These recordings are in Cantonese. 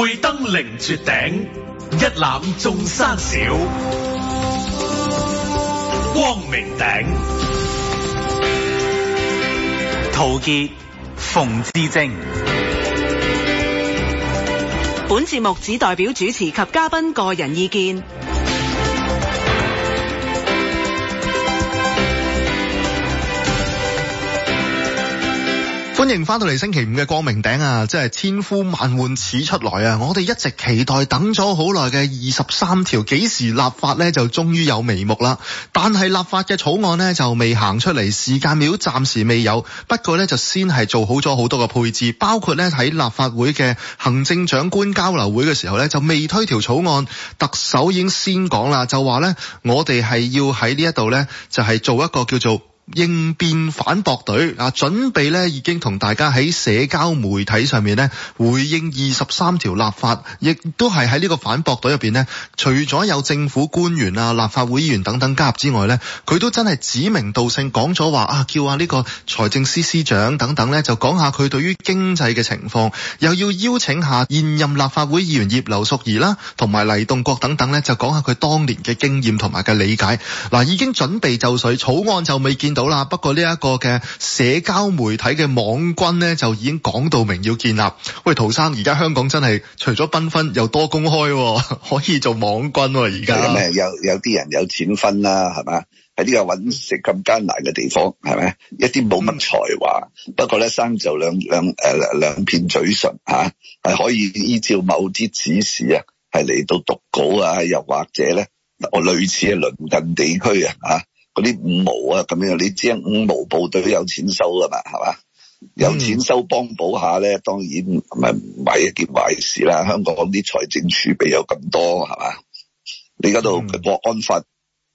會當凌絕頂，一覽眾山小。光明頂，陶傑、馮智政。本節目只代表主持及嘉賓個人意見。歡迎翻到嚟星期五嘅光明頂啊！真係千呼萬喚始出來啊！我哋一直期待等咗好耐嘅二十三條幾時立法呢，就終於有眉目啦。但係立法嘅草案呢，就未行出嚟，時間表暫時未有。不過呢，就先係做好咗好多嘅配置，包括呢喺立法會嘅行政長官交流會嘅時候呢，就未推條草案，特首已經先講啦，就話呢，我哋係要喺呢一度呢，就係做一個叫做。應變反駁隊啊，準備咧已經同大家喺社交媒體上面咧回應二十三條立法，亦都係喺呢個反駁隊入邊咧，除咗有政府官員啊、立法會議員等等加入之外呢，佢都真係指名道姓講咗話啊，叫下呢個財政司司長等等呢就講下佢對於經濟嘅情況，又要邀請下現任立法會議員葉劉淑儀啦，同埋黎棟國等等呢就講下佢當年嘅經驗同埋嘅理解嗱，已經準備就緒，草案就未見。到啦，不過呢一個嘅社交媒體嘅網軍咧，就已經講到明要建立。喂，陶生，而家香港真係除咗繽紛，又多公開，可以做網軍而家。係咩？有有啲人有錢分啦，係咪？喺呢個揾食咁艱難嘅地方，係咪？一啲冇乜才華，不過咧生就兩兩誒兩片嘴唇吓，係可以依照某啲指示啊，係嚟到讀稿啊，又或者咧，我類似嘅鄰近地區啊吓。嗰啲五毛啊，咁樣你知，五毛部隊都有錢收噶嘛，係嘛？有錢收幫補一下咧，當然唔係唔係一件壞事啦。香港啲財政儲備有咁多，係嘛？你嗰度國安法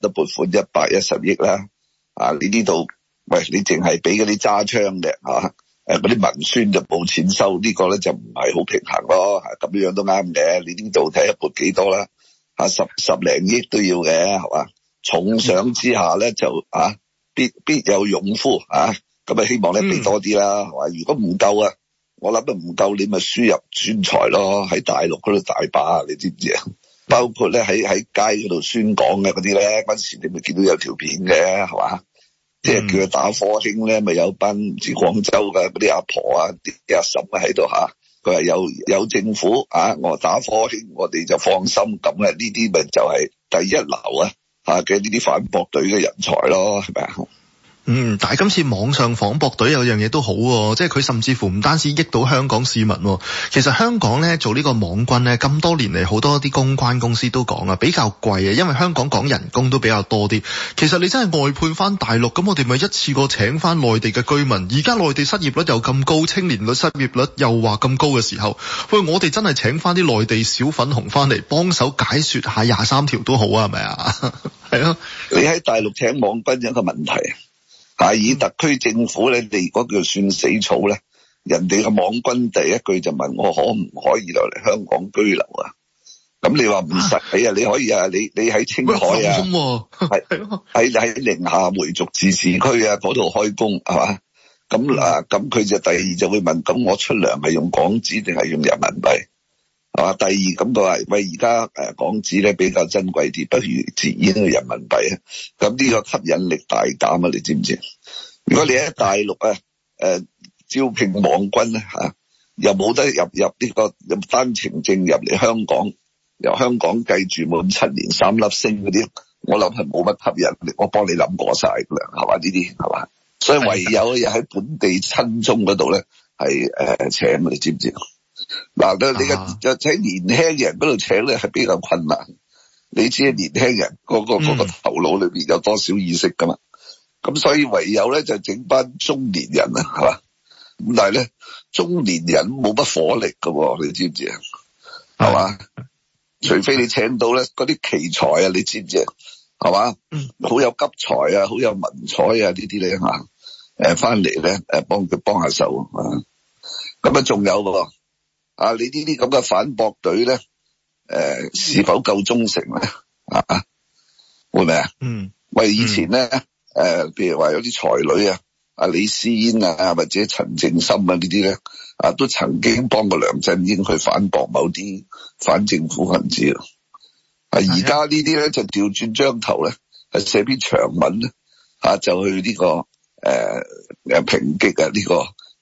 都撥款一百一十億啦，啊！你呢度喂，你淨係俾嗰啲揸槍嘅嚇，誒嗰啲文宣就冇錢收，呢個咧就唔係好平衡咯。咁樣都啱嘅，你呢度睇一撥幾多啦？嚇、啊、十十零億都要嘅，係嘛？重賞之下咧，就啊必必有勇夫啊！咁啊，希望咧俾多啲啦。嗯、如果唔夠啊，我諗都唔夠，你咪輸入專才咯，喺大陸嗰度大把，你知唔知啊？嗯、包括咧喺喺街嗰度宣講嘅嗰啲咧，嗰時你咪見到有條片嘅，係嘛？即係、嗯、叫佢打科興咧，咪有班唔知廣州嘅嗰啲阿婆啊、啲阿嬸啊喺度下佢話有有政府啊，我打科興，我哋就放心咁呢啲咪就係第一流啊！啊，嘅呢啲反駁隊嘅人才咯，係咪啊？嗯，但係今次網上反駁隊有樣嘢都好喎，即係佢甚至乎唔單止益到香港市民，其實香港呢做呢個網軍呢，咁多年嚟，好多啲公關公司都講啊，比較貴啊，因為香港講人工都比較多啲。其實你真係外判翻大陸，咁我哋咪一次過請翻內地嘅居民？而家內地失業率又咁高，青年率失業率又話咁高嘅時候，喂，我哋真係請翻啲內地小粉紅翻嚟幫手解說下廿三條都好啊，係咪啊？係咯，你喺大陸請網軍有一個問題。但係以特區政府咧，你如果叫算死草咧，人哋嘅網軍第一句就問：我可唔可以落嚟香港居留啊？咁你話唔實際啊？啊你可以啊，你你喺青海啊，係係喺喺寧夏回族自治區啊，嗰度開工係嘛？咁啊咁佢就第二就會問：咁我出糧係用港紙定係用人民幣？係嘛？第二咁就話：喂，而家誒港紙咧比較珍貴啲，不如自轉去人民幣啊？咁呢個吸引力大減啊！你知唔知道？如果你喺大陸啊、呃，招聘網軍咧、啊、又冇得入入呢、呢個單程證入嚟香港，由香港計住滿七年三粒星嗰啲，我諗係冇乜吸引力。我幫你諗過曬啦，係嘛，呢啲係嘛？所以唯有又喺本地親中嗰度咧，係誒請你知唔知？嗱、啊，你嘅又請年輕人嗰度請咧，係比較困難。你知年輕人嗰、嗰個嗰個頭腦裏面有多少意識噶嘛？咁所以唯有咧就整班中年人啊，係嘛？咁但係咧中年人冇乜火力噶，你知唔知啊？係嘛的？除非你請到咧嗰啲奇才啊，你知唔知？係係嘛？好有急才啊，好有文采啊，呢啲你吓，誒，翻嚟咧誒，幫佢幫下手啊。咁啊，仲有喎，啊，你呢啲咁嘅反駁隊咧，誒，是否夠忠誠咧？啊，會唔會啊？嗯，喂，以前咧。誒，譬如話有啲才女啊，阿李詩嫣啊，或者陳靜心啊，這些呢啲咧，啊都曾經幫過梁振英去反駁某啲反政府文字啊。而家呢啲咧就調轉張頭咧，係寫篇長文咧，啊，吓就去呢、這個誒誒抨擊啊呢個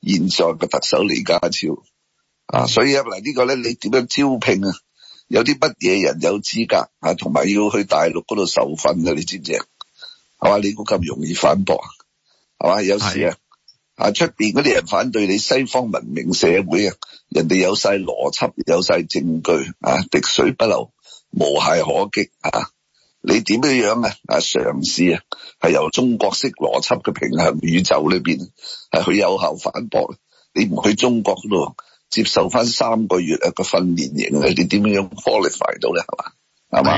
現在嘅特首李家超啊。嗯、所以啊，嚟呢個咧，你點樣招聘啊？有啲乜嘢人有資格啊？同埋要去大陸嗰度受訓啊，你知唔知道？啊？係嘛？你估咁容易反駁啊？係嘛？有時啊？啊的！出邊嗰啲人反對你西方文明社會啊，人哋有晒邏輯，有晒證據啊，滴水不漏，無懈可擊啊！你點樣樣啊？啊，嘗試啊，係由中國式邏輯嘅平衡宇宙裏邊係去有效反駁。你唔去中國度接受翻三個月一個訓練營，你點樣 qualify 到咧？係嘛？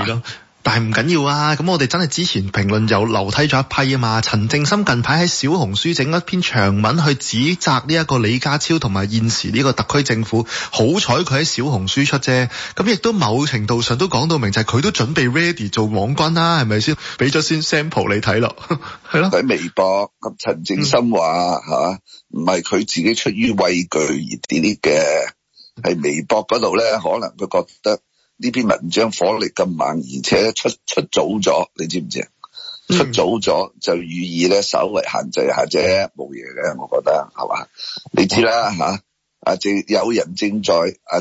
係嘛？但係唔緊要啊！咁我哋真係之前評論又流睇咗一批啊嘛。陳正深近排喺小紅書整一篇長文去指責呢一個李家超同埋現時呢個特區政府。好彩佢喺小紅書出啫，咁亦都某程度上都講到明，就係佢都準備 ready 做網軍啦，係咪先？俾咗先 sample 你睇咯，係 咯的。喺微博，咁陳正深話嚇，唔係佢自己出於畏懼而 delete 嘅，喺微博嗰度咧，可能佢覺得。呢篇文章火力咁猛，而且出出早咗，你知唔知？嗯、出早咗就予以咧，稍為限制下啫，冇嘢嘅，我覺得係嘛？你知啦吓，阿、啊、正有人正在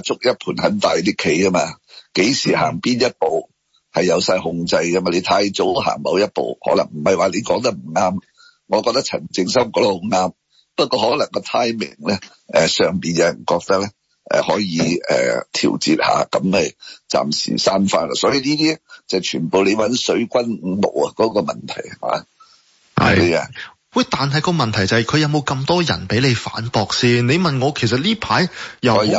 捉一盤很大啲棋啊嘛，幾時行邊一步係有晒控制噶嘛？你太早行某一步，可能唔係話你講得唔啱，我覺得陳正心講得好啱，不過可能個 timing 咧，誒、呃、上邊有人覺得咧。呃、可以誒調節下，咁咪暫時刪翻啦。所以呢啲就是，全部你搵水軍五毛啊，嗰個問題係嘛？係啊，喂的，的但係個問題就係，是，佢有冇咁多人俾你反駁先？你問我，其實呢排又好似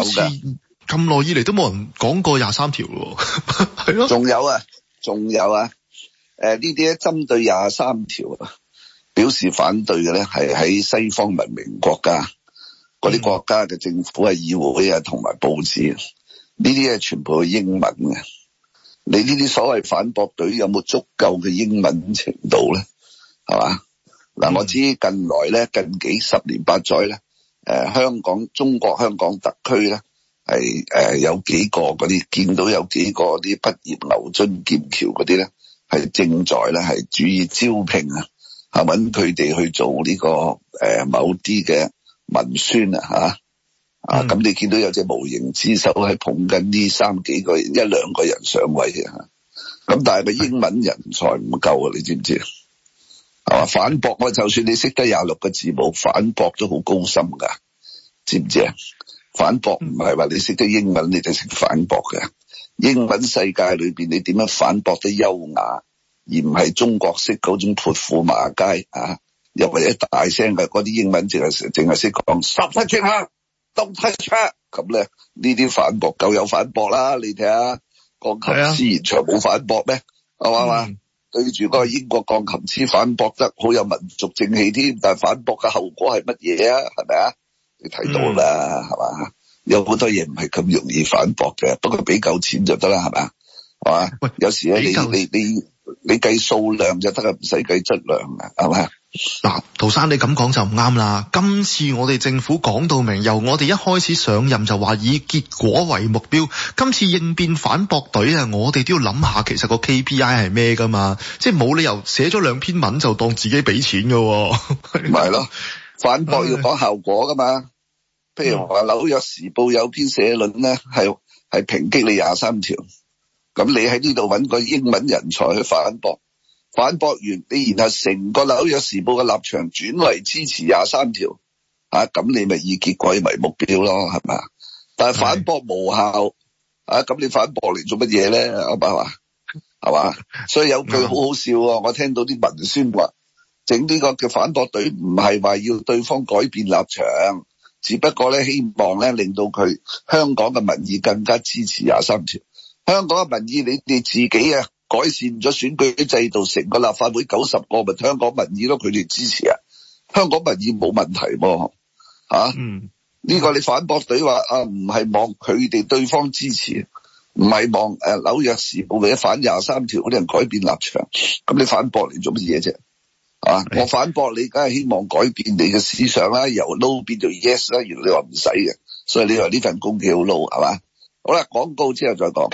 咁耐以嚟都冇人講過廿三條喎，係咯？仲有啊，仲有啊，誒呢啲針對廿三條表示反對嘅咧，係喺西方文明國家。嗰啲國家嘅政府係議會啊，同埋報紙，呢啲係全部英文嘅。你呢啲所謂反駁隊有冇足夠嘅英文程度咧？係嘛？嗱、嗯，我知近來咧，近幾十年八載咧，誒香港中國香港特區咧係誒有幾個嗰啲見到有幾個啲畢業牛津劍、劍橋嗰啲咧係正在咧係主意招聘啊，係揾佢哋去做呢個誒某啲嘅。文宣啊吓啊，咁你見到有隻無形之手係捧緊呢三幾個人一兩個人上位嘅吓，咁、啊、但係個英文人才唔夠啊，你知唔知啊？係嘛，反駁我、啊，就算你識得廿六個字母，反駁都好高深噶，知唔知啊？反駁唔係話你識得英文你就識反駁嘅，英文世界裏邊你點樣反駁得優雅，而唔係中國式嗰種潑婦罵街啊？又或者大聲嘅嗰啲英文淨係淨係識講 stop it 咁咧，呢啲反駁夠有反駁啦！你睇下鋼琴師現場冇反駁咩？係嘛嘛？吧嗯、對住個英國鋼琴師反駁得好有民族正氣添，但係反駁嘅後果係乜嘢啊？係咪啊？你睇到啦，係嘛、嗯？有好多嘢唔係咁容易反駁嘅，不過俾夠錢就得啦，係嘛？係嘛喂？有時咧，你你你你計數量就得，唔使計質量啊，係嘛？嗱，陶生你咁講就唔啱啦。今次我哋政府講到明，由我哋一開始上任就話以結果為目標。今次應變反駁隊啊，我哋都要諗下，其實個 KPI 係咩噶嘛？即係冇理由寫咗兩篇文就當自己俾錢噶，咪係咯？反駁要講效果噶嘛？的譬如話紐約時報有篇社論咧，係係評擊你廿三條，咁你喺呢度揾個英文人才去反駁？反駁完，你然後成個《紐約時報》嘅立場轉為支持廿三條，啊咁你咪以結果為目標咯，係嘛？但係反駁無效，的啊咁你反駁嚟做乜嘢咧？阿爸話係嘛？所以有句好好笑， 我聽到啲文宣話，整呢個叫反駁隊唔係話要對方改變立場，只不過咧希望咧令到佢香港嘅民意更加支持廿三條。香港嘅民意，你你自己啊？改善咗選舉制度，成個立法會九十個咪香港民意咯，佢哋支持啊，香港民意冇問題喎、啊、吓、啊、呢、嗯、個你反駁隊話啊唔係望佢哋對方支持，唔係望誒紐、啊、約時報嘅反廿三條嗰啲人改變立場，咁你反駁嚟做乜嘢啫？啊，的我反駁你，梗係希望改變你嘅思想啦、啊，由 no 變到 yes 啦、啊，原來你話唔使嘅，所以你話呢份工幾好撈係嘛？好啦，廣告之後再講。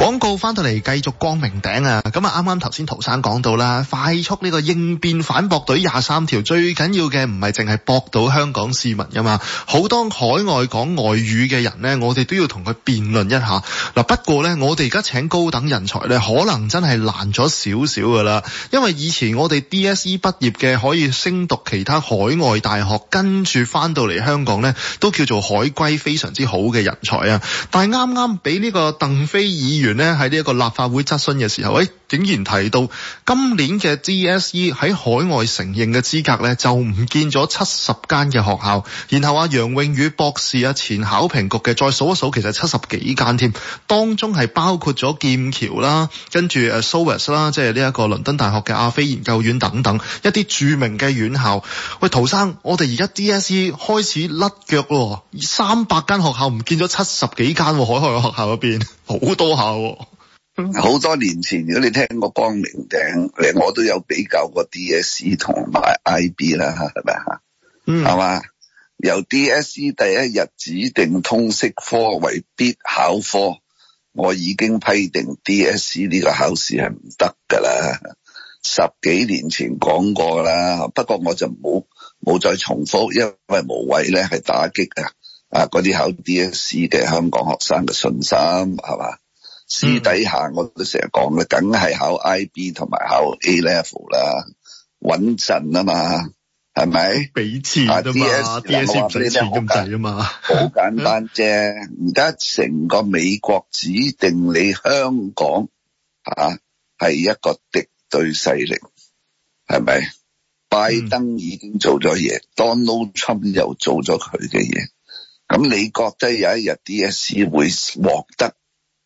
廣告翻到嚟，繼續光明頂啊！咁啊，啱啱頭先陶生講到啦，快速呢個應變反駁隊廿三條，最緊要嘅唔係淨係駁到香港市民噶嘛，好多海外講外語嘅人呢，我哋都要同佢辯論一下嗱。不過呢，我哋而家請高等人才呢，可能真係難咗少少噶啦，因為以前我哋 DSE 畢業嘅可以升讀其他海外大學，跟住翻到嚟香港呢，都叫做海歸，非常之好嘅人才啊。但係啱啱俾呢個鄧飛議員，咧喺呢一個立法會質詢嘅時候，誒。竟然提到今年嘅 DSE 喺海外承認嘅資格呢，就唔見咗七十間嘅學校。然後啊，楊穎宇博士啊，前考評局嘅再數一數，其實七十幾間添，當中係包括咗劍橋啦，跟住 SOAS 啦，即係呢一個倫敦大學嘅亞非研究院等等一啲著名嘅院校。喂，陶生，我哋而家 DSE 開始甩腳咯，三百間學校唔見咗七十幾間海外嘅學校入邊好多下、啊。好多年前，如果你聽過光明頂，我都有比較過 DSE 同埋 IB 啦，係咪啊？係嘛？由 DSE 第一日指定通識科為必考科，我已經批定 DSE 呢個考試係唔得噶啦。嗯、十幾年前講過啦，不過我就冇冇再重複，因為無謂咧係打擊啊啊！啲考 DSE 嘅香港學生嘅信心，係嘛？私底下我都成日講啦，梗係考 IB 同埋考 A Level 啦，穩陣啊嘛，係咪？俾錢啊嘛，DSE 俾錢咁滯啊嘛，好簡單啫。而家成個美國指定你香港啊係一個敵對勢力，係咪？拜登已經做咗嘢、嗯，Donald Trump 又做咗佢嘅嘢，咁你覺得有一日 DSE 會獲得？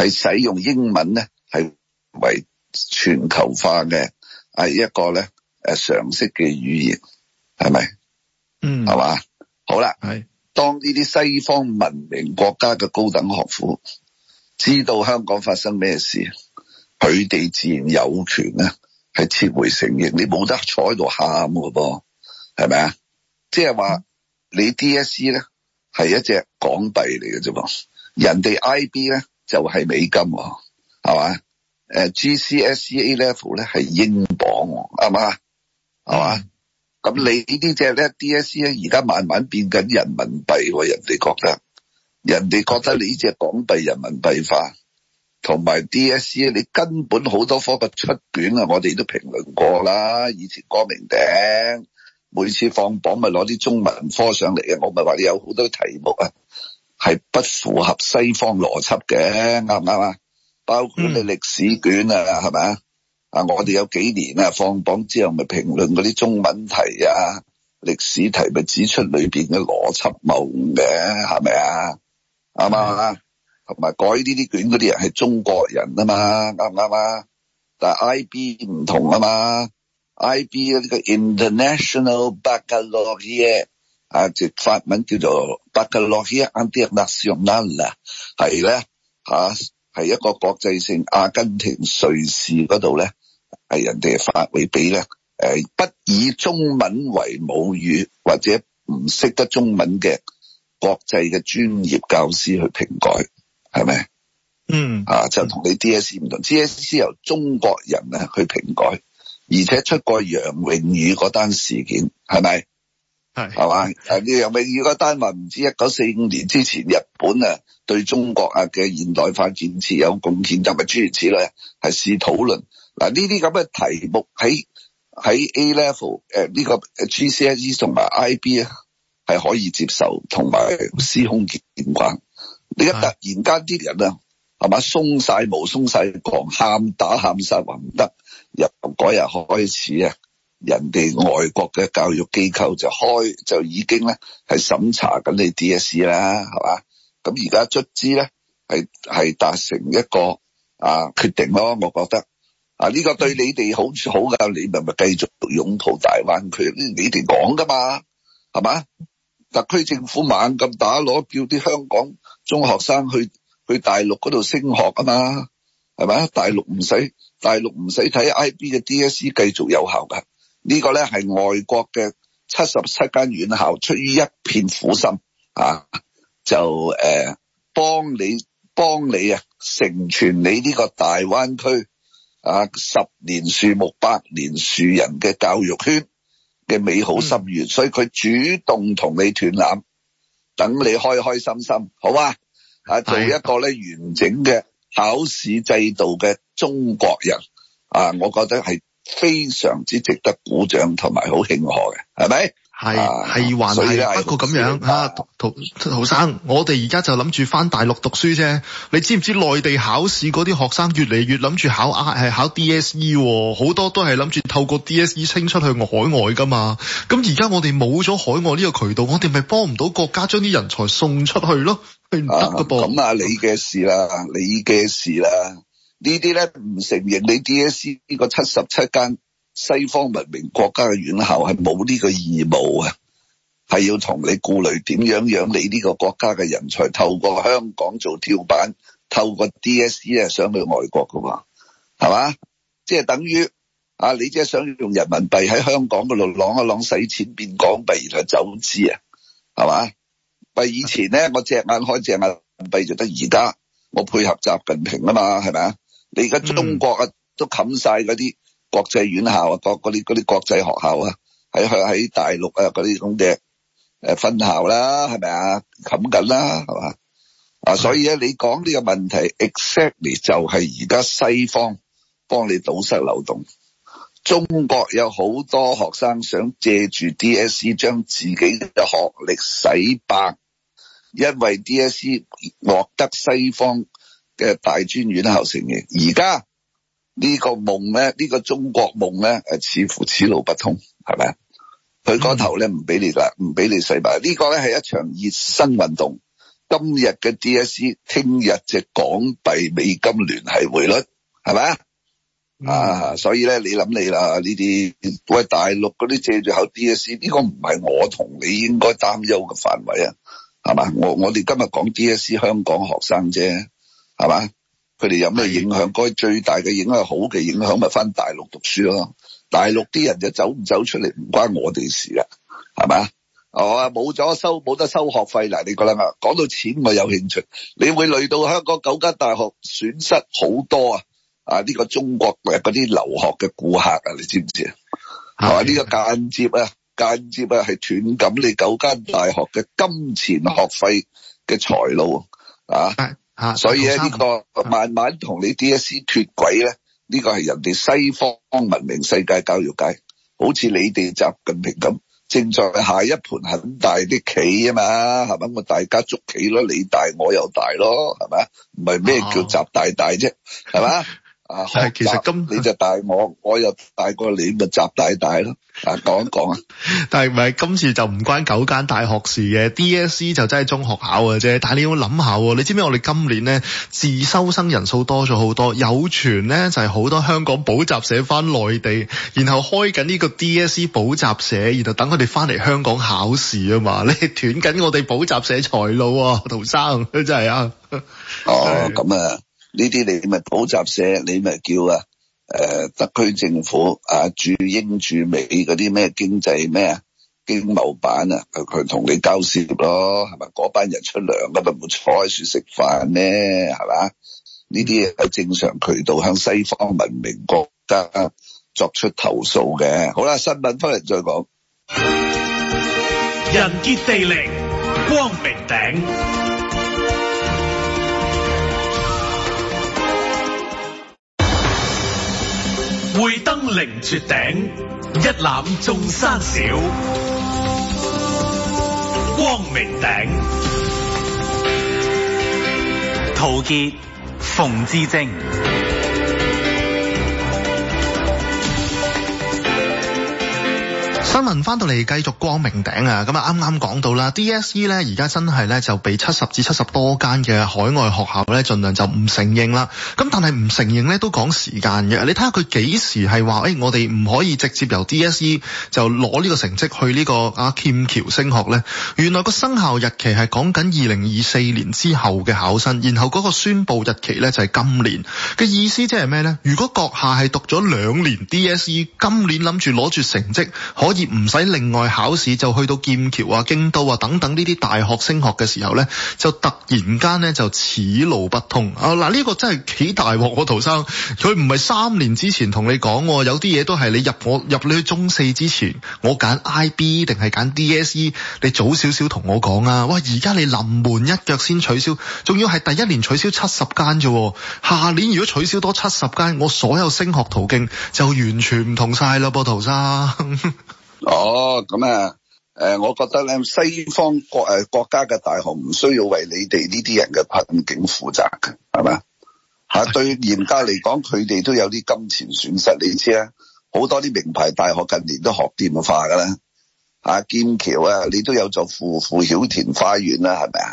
係使用英文咧，係為全球化嘅，啊一個咧，誒常識嘅語言，係咪？嗯，係嘛？好啦，係是當呢啲西方文明國家嘅高等學府知道香港發生咩事，佢哋自然有權咧係撤回承認，你冇得坐喺度喊嘅噃，係咪啊？即係話你 D.S.E. 咧係一隻港幣嚟嘅啫噃，人哋 I.B. 咧。就係美金喎，係嘛？誒，GCSE A level 咧係英鎊，係嘛？係嘛？咁你呢啲即係咧 DSE 而家慢慢變緊人民幣喎，人哋覺得，人哋覺得你呢隻港幣人民幣化，同埋 DSE 你根本好多科嘅出卷啊，我哋都評論過啦，以前光明頂每次放榜咪攞啲中文科上嚟嘅，我咪話你有好多題目啊。係不符合西方邏輯嘅，啱唔啱啊？包括你歷史卷啊，係咪啊？啊，我哋有幾年啊放榜之後咪評論嗰啲中文題啊、歷史題咪指出裏邊嘅邏輯謬誤嘅，係咪啊？啱唔啱啊？同埋改呢啲卷嗰啲人係中國人啊嘛，啱唔啱啊？但係 IB 唔同啊嘛，IB 呢個 International Baccalaureate。啊！直法文叫做 Baccalauréat International 係咧吓，係、啊、一個國際性。阿根廷、瑞士嗰度咧，係人哋嘅法會俾咧。誒、呃、不以中文為母語或者唔識得中文嘅國際嘅專業教師去評改，係咪？嗯，啊，就你 DS 同你 D S E 唔同，D S E 由中國人啊去評改，而且出過楊穎宇嗰單事件，係咪？係，係嘛？誒是，楊明，如果單問唔知一九四五年之前，日本啊對中國啊嘅現代化建設有貢獻，又唔係諸如此類，係試討論。嗱，呢啲咁嘅題目喺喺 A level，誒呢個 GCSE 同埋 IB 啊，係可以接受同埋司空見慣。而家突然間啲人啊，係嘛鬆晒毛，鬆晒狂喊打喊殺，話唔得。由嗰日開始啊！人哋外國嘅教育機構就開就已經咧係審查緊你 DSE 啦，係嘛？咁而家卒之咧係係達成一個啊決定咯，我覺得啊呢個對你哋好好噶，你咪咪繼續擁抱大灣區，你哋講噶嘛，係嘛？特區政府猛咁打鑼，叫啲香港中學生去去大陸嗰度升學啊嘛，係嘛？大陸唔使大陸唔使睇 IB 嘅 DSE 繼續有效噶。呢個呢係外國嘅七十七間院校出於一片苦心啊，就誒幫你幫你啊成全你呢個大灣區啊十年樹木百年樹人嘅教育圈嘅美好心願，嗯、所以佢主動同你斷纜，等你開開心心，好嘛啊，做一個咧完整嘅考試制度嘅中國人啊，我覺得係。非常之值得鼓掌同埋好慶賀嘅，係咪？係係還係，啊、不過咁樣時啊，陶，陶生，啊、我哋而家就諗住翻大陸讀書啫。你知唔知內地考試嗰啲學生越嚟越諗住考啊，係考 DSE，好多都係諗住透過 DSE 清出去海外㗎嘛。咁而家我哋冇咗海外呢個渠道，我哋咪幫唔到國家將啲人才送出去咯，係唔得㗎噃。咁啊，你嘅事啦，你嘅事啦。呢啲咧唔承認你 D S E 呢個七十七間西方文明國家嘅院校係冇呢個義務啊，係要同你顧慮點樣樣，你呢個國家嘅人才透過香港做跳板，透過 D S E 啊，上去外國噶嘛，係嘛？即係等於啊，你即係想用人民幣喺香港嗰度啷一啷使錢變港幣，然後走資啊，係嘛？喂，以前咧，我隻眼開隻眼閉就得，而家我配合習近平啊嘛，係咪啊？你而家中國啊，都冚晒嗰啲國際院校啊，各嗰啲嗰啲國際學校啊，喺喺喺大陸啊嗰啲咁嘅誒分校啦，係咪啊？冚緊啦，係嘛？啊，所以咧、啊，你講呢個問題，exactly 就係而家西方幫你堵塞漏洞。中國有好多學生想借住 DSE 將自己嘅學歷洗白，因為 DSE 獲得西方。嘅大專院校成立，而家呢個夢咧，呢個中國夢咧，誒，似乎此路不通，係咪啊？佢嗰頭咧唔俾你啦，唔俾你洗白，呢個咧係一場熱身運動。今日嘅 DSE，聽日隻港幣美金聯繫匯率，係咪啊？啊，所以咧，你諗你啦，呢啲喂，大陸嗰啲借住口 DSE，呢個唔係我同你應該擔憂嘅範圍啊，係嘛？我我哋今日講 DSE 香港學生啫。係嘛？佢哋有咩影響？該最大嘅影響，好嘅影響咪翻大陸讀書咯。大陸啲人就走唔走出嚟，唔關我哋事啊。係嘛？哦，冇咗收，冇得收學費嗱。你覺得啊？講到錢，我有興趣。你會累到香港九間大學損失好多啊！啊，呢個中國嘅嗰啲留學嘅顧客啊，你知唔知啊？係嘛？呢個間接啊，間接啊，係斷緊你九間大學嘅金錢學費嘅財路啊。啊。啊、所以咧呢個慢慢同你 DSE 脫軌咧，呢個係人哋西方文明世界教育界，好似你哋習近平咁，正在下一盤很大啲棋啊嘛，係咪？我大家捉棋咯，你大我又大咯，係咪唔係咩叫習大大啫，係嘛？啊哦啊，係其實今你就大我，我又大過你咪集大大咯。啊，講一講啊，但係唔係今次就唔關九間大學事嘅，D S E 就真係中學考嘅啫。但係你要諗下，你知唔知我哋今年呢自修生人數多咗好多，有傳呢就係好多香港補習社翻內地，然後開緊呢個 D S E 補習社，然後等佢哋翻嚟香港考試啊嘛，你斷緊我哋補習社財路啊，陶生真係啊。哦，咁啊 是。呢啲你咪補習社，你咪叫、呃、啊，誒，特區政府啊，注英注美駐英駐美嗰啲咩經濟咩啊，經貿版啊，佢同你交涉咯，係咪？嗰班人出糧，咁咪冇坐喺處食飯呢？係嘛？呢啲嘢係正常渠道向西方文明國家作出投訴嘅。好啦，新聞翻嚟再講。人傑地靈，光明頂。會登凌絕頂，一覽眾山小。光明頂，陶傑、馮智政。新聞翻到嚟，繼續光明頂啊！咁啊，啱啱講到啦，DSE 呢而家真係呢，就被七十至七十多間嘅海外學校呢，盡量就唔承認啦。咁但係唔承認呢，都講時間嘅，你睇下佢幾時係話，誒我哋唔可以直接由 DSE 就攞呢個成績去呢個啊，劍橋升學呢，原來個生效日期係講緊二零二四年之後嘅考生，然後嗰個宣佈日期呢，就係今年嘅意思，即係咩呢？如果閣下係讀咗兩年 DSE，今年諗住攞住成績可以，唔使另外考試就去到劍橋啊、京都啊等等呢啲大學升學嘅時候呢，就突然間呢就此路不通啊！嗱，呢個真係幾大鑊喎，陶生。佢唔係三年之前同你講，有啲嘢都係你入我入你去中四之前，我揀 IB 定係揀 DSE，你早少少同我講啊！喂，而家你臨門一腳先取消，仲要係第一年取消七十間啫，下年如果取消多七十間，我所有升學途徑就完全唔同晒啦噃，陶生。哦，咁啊，誒、呃，我覺得咧，西方國誒、呃、國家嘅大學唔需要為你哋呢啲人嘅困境負責嘅，係嘛？吓， 對嚴格嚟講，佢哋都有啲金錢損失，你知啦。好多啲名牌大學近年都學多元化噶啦，吓劍橋啊，你都有座富富曉田花園啦，係咪啊？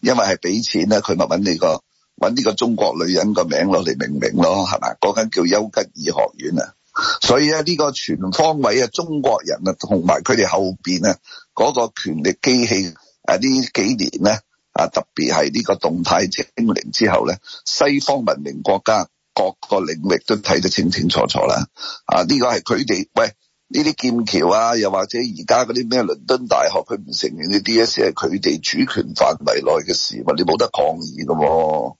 因為係俾錢咧、啊，佢咪搵你個搵呢個中國女人個名攞嚟命名咯，係咪？嗰間叫丘吉爾學院啊。所以咧，呢個全方位嘅中國人啊，同埋佢哋後邊啊，嗰個權力機器啊，呢幾年咧啊，特別係呢個動態清零之後咧，西方文明國家各個領域都睇得清清楚楚啦。啊，呢個係佢哋喂呢啲劍橋啊，又或者而家嗰啲咩倫敦大學，佢唔承認呢 DSE 係佢哋主權範圍內嘅事嘛，你冇得抗議噶喎。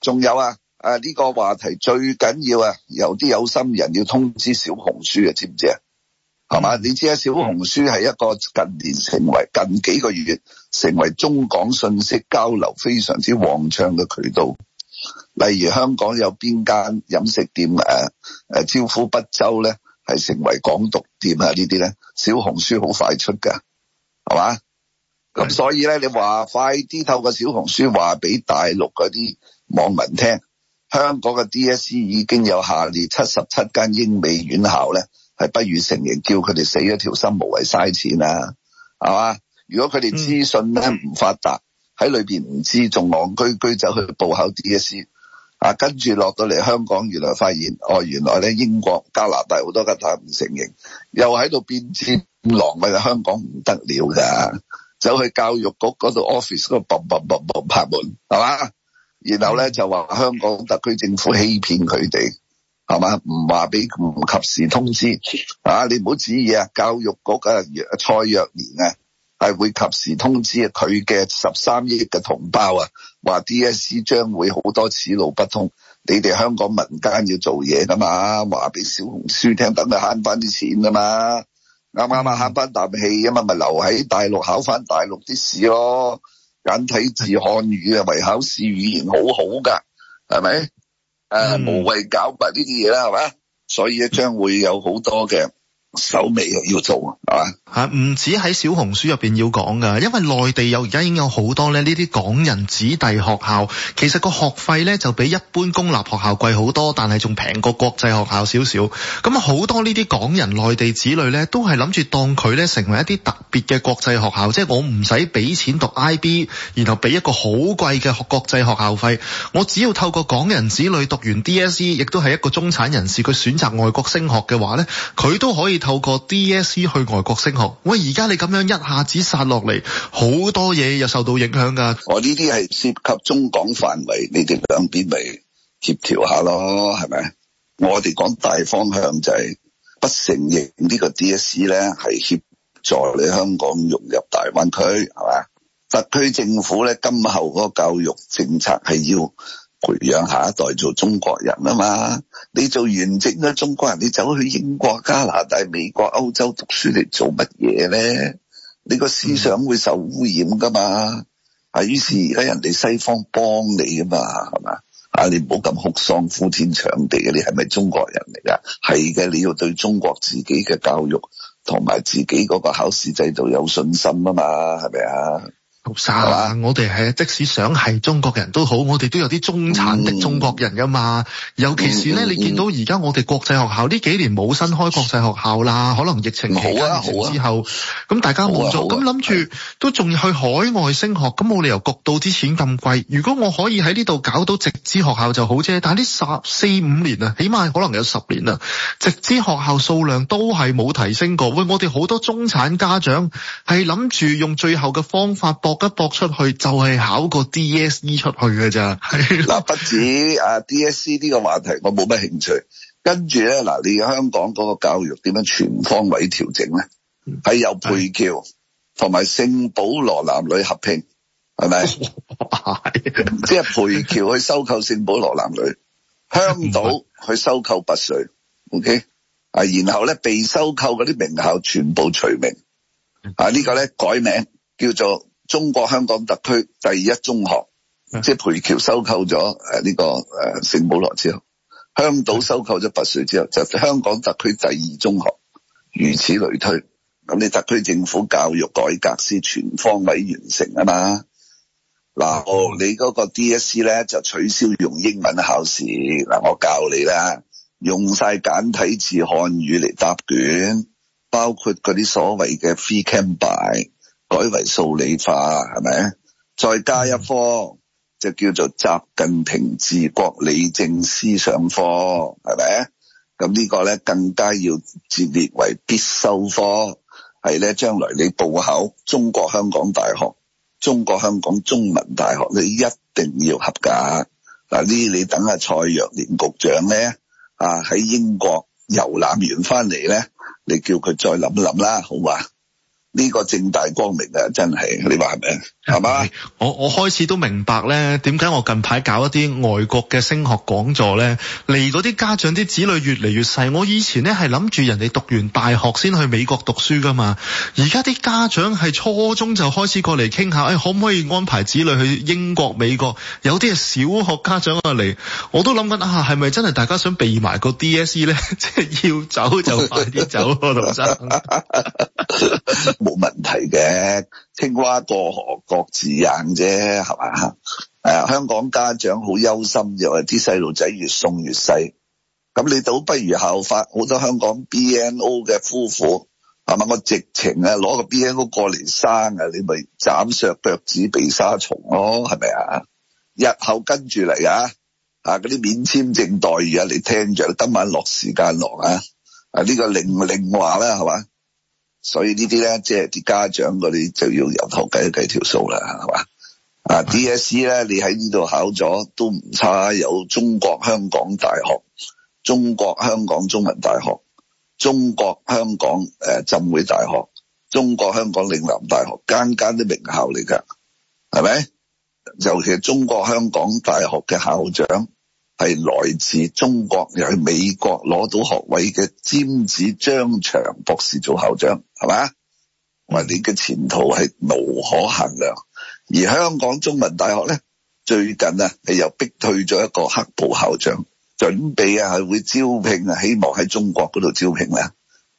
仲有啊。啊！呢個話題最緊要啊，有啲有心人要通知小紅書啊，知唔知啊？係嘛？你知啊，小紅書係一個近年成為近幾個月成為中港信息交流非常之旺暢嘅渠道。例如香港有邊間飲食店誒招呼不周呢係成為港獨店啊？呢啲呢，小紅書好快出㗎，係嘛？咁是的 所以呢，你話快啲透過小紅書話俾大陸嗰啲網民聽。香港嘅 DSE 已經有下列七十七間英美院校咧，係不予承認，叫佢哋死咗條心，無謂嘥錢啦，係嘛？如果佢哋資訊咧唔發達，喺裏邊唔知，仲戇居居走去報考 DSE 啊，跟住落到嚟香港，原來發現哦，原來咧英國、加拿大好多間都唔承認，又喺度變天狼㗎啦，香港唔得了㗎，走去教育局嗰度 office 嗰度砰砰砰砰拍門，係嘛？是然後咧就話香港特區政府欺騙佢哋，係嘛？唔話俾唔及時通知啊！你唔好指意啊！教育局嘅蔡若蓮啊，係會及時通知佢嘅十三億嘅同胞啊，話 DSE 將會好多此路不通。你哋香港民間要做嘢噶嘛？話俾小紅書聽，等佢慳翻啲錢噶嘛？啱啱啊慳翻啖氣啊嘛，咪留喺大陸考翻大陸啲事咯。簡體字、漢語啊，為考試語言好好噶，係咪？誒、嗯啊，無謂搞埋呢啲嘢啦，係咪？所以咧，將會有好多嘅。手尾又要做啊，吓唔止喺小紅書入邊要講噶，因為內地有而家已經有好多咧呢啲港人子弟學校，其實個學費呢就比一般公立學校貴好多，但係仲平過國際學校少少。咁好多呢啲港人內地子女呢都係諗住當佢呢成為一啲特別嘅國際學校，即係我唔使俾錢讀 IB，然後俾一個好貴嘅國際學校費，我只要透過港人子女讀完 DSE，亦都係一個中產人士，佢選擇外國升學嘅話呢，佢都可以。透過 DSE 去外國升學，喂！而家你咁樣一下子殺落嚟，好多嘢又受到影響㗎。我呢啲係涉及中港範圍，你哋兩邊咪協調一下咯，係咪？我哋講大方向就係不承認這個呢個 DSE 咧，係協助你香港融入大灣區，係嘛？特區政府咧，今後嗰個教育政策係要，培養下一代做中國人啊嘛，你做完整嘅中國人，你走去英國、加拿大、美國、歐洲讀書嚟做乜嘢呢？你個思想會受污染噶嘛？啊、嗯，於是而家人哋西方幫你啊嘛，係嘛？啊，你唔好咁哭喪，呼天搶地嘅，你係咪中國人嚟噶？係嘅，你要對中國自己嘅教育同埋自己嗰個考試制度有信心啊嘛，係咪啊？學生啊，我哋係即使想係中國人都好，我哋都有啲中產的中國人噶嘛。嗯、尤其是呢，你見到而家我哋國際學校呢，嗯、幾年冇新開國際學校啦，可能疫情期間、啊、之後，咁、啊、大家冇咗，咁諗住都仲要去海外升學，咁冇理由焗到啲錢咁貴。如果我可以喺呢度搞到直資學校就好啫。但係呢十四,四五年啊，起碼可能有十年啦，直資學校數量都係冇提升過。喂，我哋好多中產家長係諗住用最後嘅方法幫博得博出去就係、是、考個 DSE 出去嘅咋？係啦、啊，不止啊 DSE 呢個話題我冇咩興趣。跟住咧嗱，你香港嗰個教育點樣全方位調整咧？係、嗯、有培僑同埋聖保羅男女合拼，係咪？即係培僑去收購聖保羅男女，香島去收購拔萃，OK？啊，然後咧被收購嗰啲名校全部除名，嗯、啊、這個、呢個咧改名叫做。中國香港特區第一中學，即、就、係、是、培僑收購咗誒呢個誒聖保羅之後，香島收購咗拔萃之後，就是、香港特區第二中學，如此類推。咁你特區政府教育改革先全方位完成啊嘛？嗱，你嗰個 DSE 咧就取消用英文考試，嗱我教你啦，用晒簡體字漢語嚟答卷，包括嗰啲所謂嘅 free camp by。改為數理化，係咪？再加一科就叫做習近平治國理政思想科，係咪？咁呢個咧更加要列為必修科，係咧將來你報考中國香港大學、中國香港中文大學，你一定要合格。嗱，呢你等下蔡若蓮局長咧啊喺英國遊覽完翻嚟咧，你叫佢再諗諗啦，好嗎？呢個正大光明啊，真係你話係咪？係嘛、嗯？是吧我我開始都明白呢點解我近排搞一啲外國嘅升學講座呢。嚟嗰啲家長啲子女越嚟越細。我以前呢係諗住人哋讀完大學先去美國讀書噶嘛，而家啲家長係初中就開始過嚟傾下，誒，可唔可以安排子女去英國、美國？有啲係小學家長嚟，我都諗緊啊，係咪真係大家想避埋個 DSE 呢？即 係要走就快啲走老 生。 冇問題嘅，青蛙過河各自硬啫，係嘛？啊，香港家長好憂心，又話啲細路仔越送越細，咁你倒不如效法好多香港 B N O 嘅夫婦，係咪？我直情啊攞個 B N O 過嚟生啊，你咪斬削腳趾避沙蟲咯，係咪啊？日後跟住嚟啊，啊嗰啲免簽證待遇啊，你聽住你今晚落時間落啊，啊呢個令令話啦，係嘛？所以呢啲呢，即係啲家長嗰啲就要由頭計一計條數啦，係嘛？啊、嗯，DSE 呢？你喺呢度考咗都唔差，有中國香港大學、中國香港中文大學、中國香港誒浸會大學、中國香港嶺南大學，間間啲名校嚟㗎，係咪？尤其係中國香港大學嘅校長。係來自中國又喺美國攞到學位嘅尖子張翔博士做校長，係嘛？我哋嘅前途係無可限量。而香港中文大學呢，最近啊，係又逼退咗一個黑暴校長，準備啊係會招聘啊，希望喺中國嗰度招聘咧。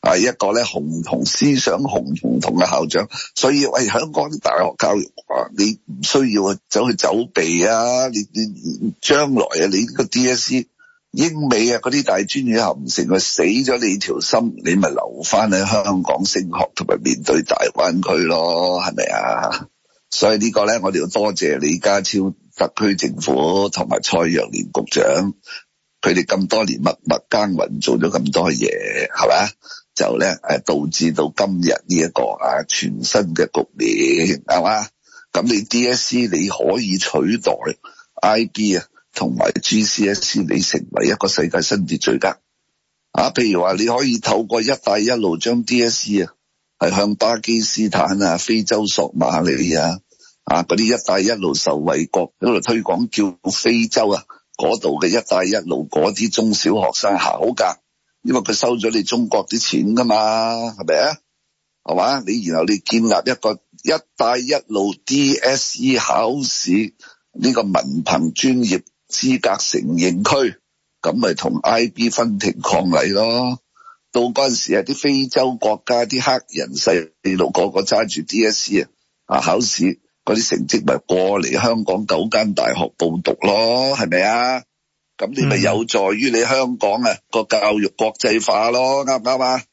係一個咧，紅紅思想，紅紅嘅校長，所以喂，香港啲大學教育啊，你唔需要走去走避啊！你你將來啊，你呢個 DSE 英美啊嗰啲大專院校唔成，個死咗你條心，你咪留翻喺香港升學同埋面對大灣區咯，係咪啊？所以這個呢個咧，我哋要多謝李家超特區政府同埋蔡若蓮局長，佢哋咁多年默默耕耘，做咗咁多嘢，係咪啊？就咧，誒，導致到今日呢一個啊全新嘅局面，係嘛？咁你 D S E 你可以取代 I B 啊，同埋 G C S E，你成為一個世界新秩序啊？譬如話你可以透過一帶一路將 D S E 啊，係向巴基斯坦啊、非洲索馬里啊啊嗰啲一帶一路受惠國喺度推廣，叫非洲啊嗰度嘅一帶一路嗰啲中小學生考合因為佢收咗你中國啲錢噶嘛，係咪啊？係嘛？你然後你建立一個一帶一路 DSE 考試呢個文憑專業資格承認區，咁咪同 IB 分庭抗禮咯。到嗰陣時啊，啲非洲國家啲黑人細路個個揸住 DSE 啊，考試嗰啲成績咪過嚟香港九間大學報讀咯，係咪啊？咁你咪有助於你香港啊個教育國際化咯，啱唔啱啊？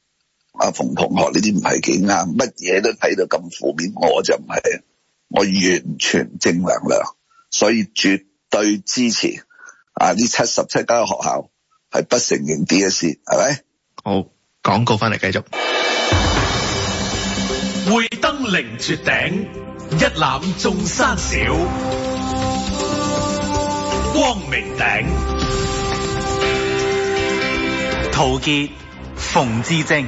阿馮同學呢啲唔係幾啱，乜嘢都睇到咁負面，我就唔係，我完全正能量，所以絕對支持啊！呢七十七間學校係不承認 DSE，係咪？好，廣告翻嚟繼續。會登凌絕頂，一覽眾山小。光明頂。陶傑、馮智政。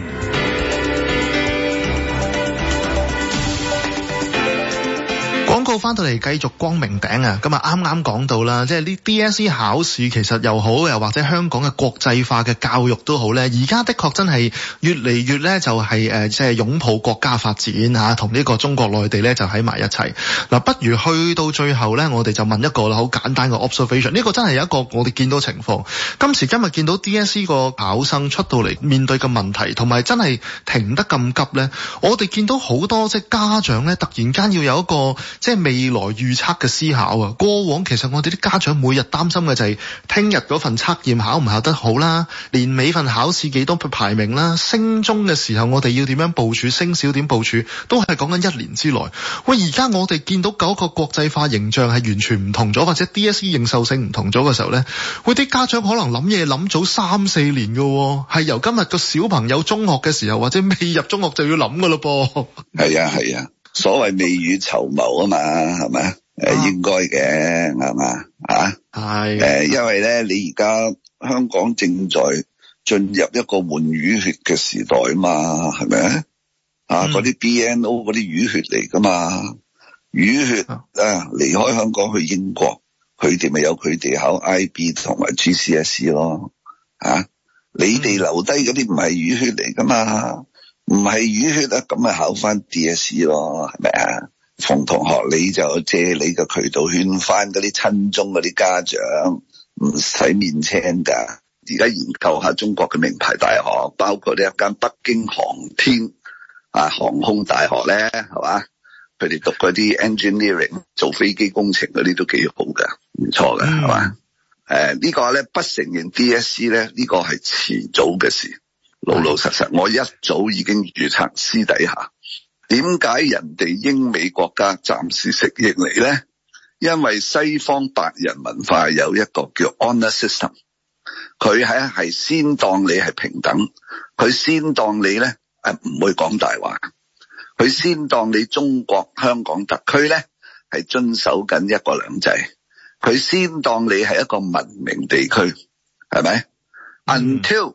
廣告返到嚟繼續光明頂啊！咁啊啱啱講到啦，即係呢 DSE 考試其實又好，又或者香港嘅國際化嘅教育都好呢。而家的確真係越嚟越呢，就係即係擁抱國家發展嚇，同呢個中國內地呢，就喺埋一齊。嗱，不如去到最後呢，我哋就問一個啦好簡單嘅 observation。呢個真係有一個我哋見到情況，今時今日見到 DSE 個考生出到嚟面對嘅問題，同埋真係停得咁急呢。我哋見到好多即係家長呢，突然間要有一個即係。即係未來預測嘅思考啊！過往其實我哋啲家長每日擔心嘅就係聽日嗰份測驗考唔考得好啦，年尾份考試幾多排名啦，升中嘅時候我哋要點樣部署，升小點部署，都係講緊一年之內。喂，而家我哋見到九個國際化形象係完全唔同咗，或者 DSE 認受性唔同咗嘅時候呢，會啲家長可能諗嘢諗早三四年喎。係由今日個小朋友中學嘅時候或者未入中學就要諗噶咯噃。係啊，係啊。所謂未雨綢繆啊嘛，係咪？誒、啊，應該嘅係嘛？啊，係的。誒，因為咧，你而家香港正在進入一個換瘀血嘅時代啊嘛，係咪？啊、嗯，嗰啲 BNO 嗰啲瘀血嚟噶嘛，瘀血啊，離開香港去英國，佢哋咪有佢哋考 IB 同埋 GCSE 咯，啊嗯、你哋留低嗰啲唔係瘀血嚟噶嘛？唔係淤血啊，咁咪考翻 D S E 咯，係咪啊？馮同學你，你就借你嘅渠道勸翻嗰啲親中嗰啲家長，唔使面青噶。而家研究下中國嘅名牌大學，包括呢一間北京航天啊航空大學咧，係嘛？佢哋讀嗰啲 engineering 做飛機工程嗰啲都幾好噶，唔錯噶，係嘛？誒、嗯，個呢個咧不承認 D S E 咧，呢、呢個係遲早嘅事。老老實實，我一早已經預測私底下，點解人哋英美國家暫時適應你呢？因為西方白人文化有一個叫 honor system，佢喺係先當你係平等，佢先當你呢係唔會講大話，佢先當你中國香港特區呢係遵守緊一國兩制，佢先當你係一個文明地區，係咪？Until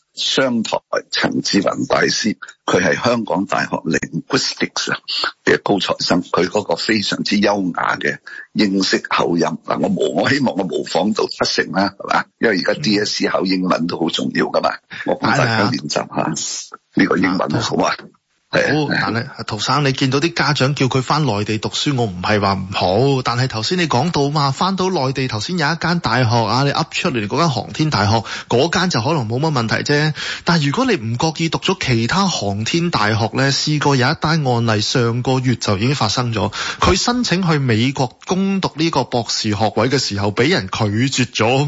商台陳志雲大師，佢係香港大學 linguistics 嘅高材生，佢嗰個非常之優雅嘅英式口音嗱，我無我希望我模仿到七成啦，係嘛？因為而家 DSE 考英文都好重要噶嘛，我鼓勵大家練習下呢個英文好啊！好，但係陶生，你見到啲家長叫佢翻內地讀書，我唔係話唔好。但係頭先你講到嘛，翻到內地頭先有一間大學啊，你噏出嚟嗰間航天大學，嗰間就可能冇乜問題啫。但係如果你唔覺意讀咗其他航天大學呢，試過有一單案例，上個月就已經發生咗，佢申請去美國攻讀呢個博士學位嘅時候，俾人拒絕咗啊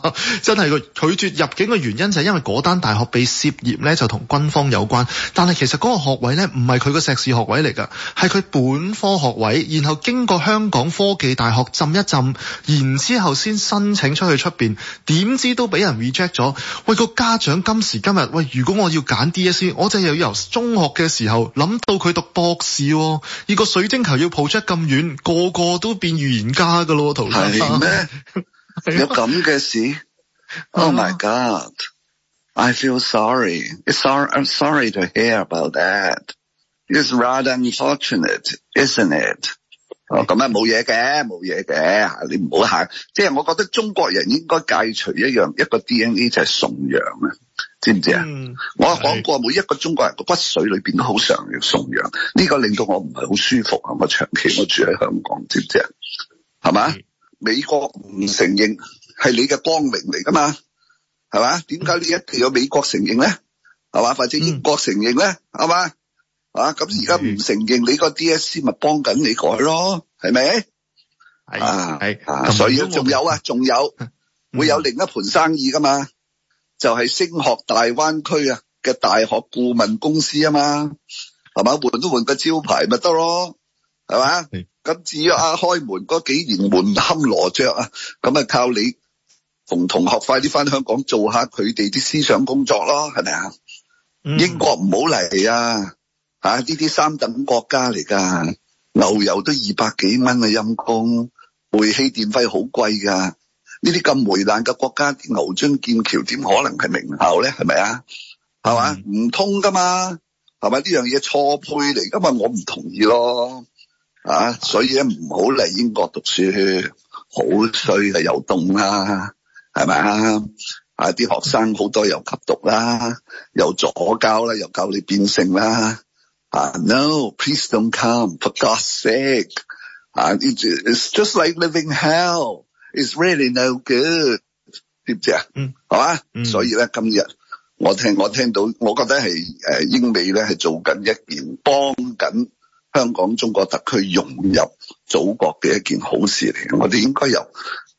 嘛，真係個拒絕入境嘅原因就係因為嗰單大學被涉業呢，就同軍方有關。但係其實嗰個學位咧唔係佢個碩士學位嚟噶，係佢本科學位，然後經過香港科技大學浸一浸，然之後先申請出去出邊，點知都俾人 reject 咗。喂，個家長今時今日，喂，如果我要揀 DSE，我就又要由中學嘅時候諗到佢讀博士，而個水晶球要抱出咁遠，個個都變預言家噶咯，陶生咩？ 有咁嘅事？Oh my God！I feel sorry. It's I'm sorry to hear about that. It's rather unfortunate, isn't it? 哦、oh,，咁 啊，冇嘢嘅，冇嘢嘅吓，你唔好吓。即係我覺得中國人應該戒除一樣一個 DNA 就係崇洋啊，知唔知啊？嗯、我講過是每一個中國人個骨髓裏邊都好想要崇洋，呢、這個令到我唔係好舒服啊。我長期我住喺香港，知唔知啊？係嘛？嗯、美國唔承認，係你嘅光明嚟噶嘛？係嘛？點解你一定要美國承認咧？係嘛？或者英國承認咧？係嘛？啊，咁而家唔承認，你個 DSE 咪幫緊你改咯？係咪？係啊，係啊，所以仲有啊，仲有會有另一盤生意㗎嘛？就係升學大灣區啊嘅大學顧問公司啊嘛？係嘛？換都換個招牌咪得咯？係嘛？咁至於啊開門嗰幾年門可羅雀啊，咁啊靠你。馮同學，快啲翻香港做下佢哋啲思想工作咯，係咪、嗯、啊？英國唔好嚟啊！呢啲三等國家嚟噶，牛油都二百幾蚊啊，陰公煤氣電費好貴噶。呢啲咁霉爛嘅國家，啲牛津劍橋點可能係名校咧？係咪啊？係、嗯、嘛？唔通噶嘛？係咪呢樣嘢錯配嚟？咁嘛？我唔同意咯。啊，所以咧唔好嚟英國讀書，好衰有啊，又凍啦～係咪啊？啊！啲學生好多又吸毒啦，又左膠啦，又教你變性啦。啊、uh,！No，please don't come for God's sake！啊、uh,！It's just like living hell！It's really no good，知唔知啊？嗯，係嘛吧？嗯，所以咧，今日我聽我聽到，我覺得係誒，英美咧係做緊一件幫緊香港中國特區融入祖國嘅一件好事嚟，我哋應該由，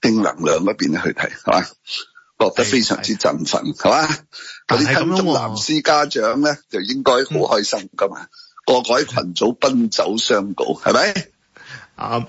正能量嗰邊咧去睇，係嘛，覺得非常之振奮，係嘛的，嗰啲新竹南師家長咧、嗯、就應該好開心咁啊，嗯、個個喺群組奔走相告，係咪？啊嗱，um,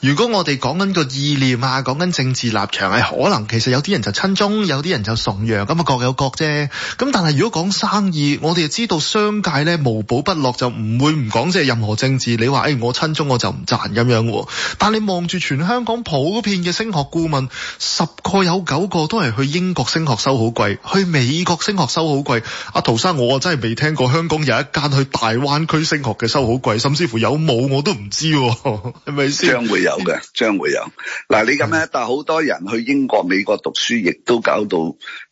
如果我哋講緊個意念啊，講緊政治立場係可能，其實有啲人就親中，有啲人就崇洋，咁啊各有各啫。咁但係如果講生意，我哋就知道商界咧無寶不落，就唔會唔講即係任何政治。你話、哎、我親中我就唔賺咁樣喎。但你望住全香港普遍嘅升學顧問，十個有九個都係去英國升學收好貴，去美國升學收好貴。阿陶生我真係未聽過香港有一間去大灣區升學嘅收好貴，甚至乎有冇我都唔知喎。係咪？將會有嘅，將會有。嗱， 你咁咧，但係好多人去英國、美國讀書，亦都搞到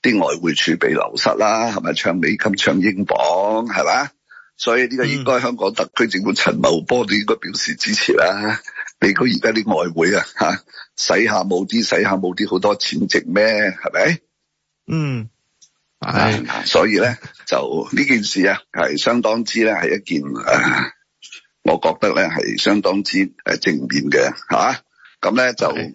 啲外匯儲備流失啦，係咪？唱美金，唱英鎊，係嘛？所以呢個應該香港特區政府陳茂波都應該表示支持啦。嗯、你估而家啲外匯啊，吓、使下冇啲，使下冇啲，好多錢值咩？係咪？嗯。唉、嗯，啊、所以咧，就呢 件事啊，係相當之咧，係一件、啊我覺得咧係相當之誒正面嘅吓，咁、啊、咧的就誒、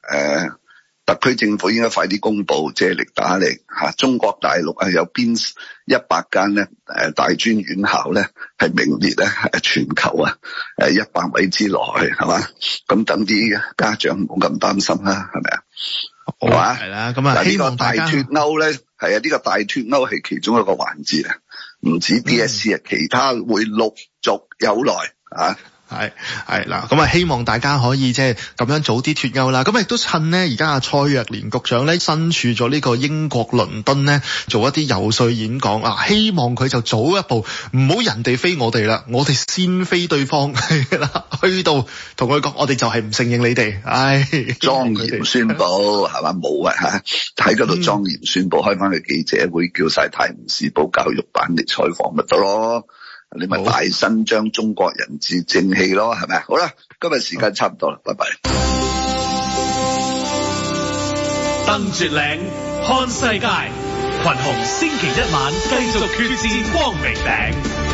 啊、特區政府應該快啲公布，借力打力吓、啊。中國大陸啊有邊一百間咧誒大專院校咧係名列咧係全球啊誒一百位之內係嘛？咁等啲家長唔 好咁擔心啦，係咪啊？好啊，係啦。咁啊，呢個大脱鈎咧係啊，呢、這個大脱鈎係其中一個環節啊，唔止 D S E 啊、嗯，其他會陸續。有耐啊，係係啦，咁啊，希望大家可以即係咁樣早啲脱歐啦。咁亦都趁咧而家阿蔡若蓮局長咧身處咗呢個英國倫敦咧，做一啲游説演講啊，希望佢就早一步，唔好人哋飛我哋啦，我哋先飛對方啦，去到同佢講，我哋就係唔承認你哋，唉、哎，莊嚴宣布係嘛？冇啊嚇，喺嗰度莊嚴宣布，開翻個記者會，叫晒《泰晤士報》教育版嚟採訪咪得咯。你咪大新張中國人字正氣咯，係咪啊？好啦，今日時間差唔多啦，好拜拜。登絕嶺，看世界，群雄星期一晚繼續決戰光明頂。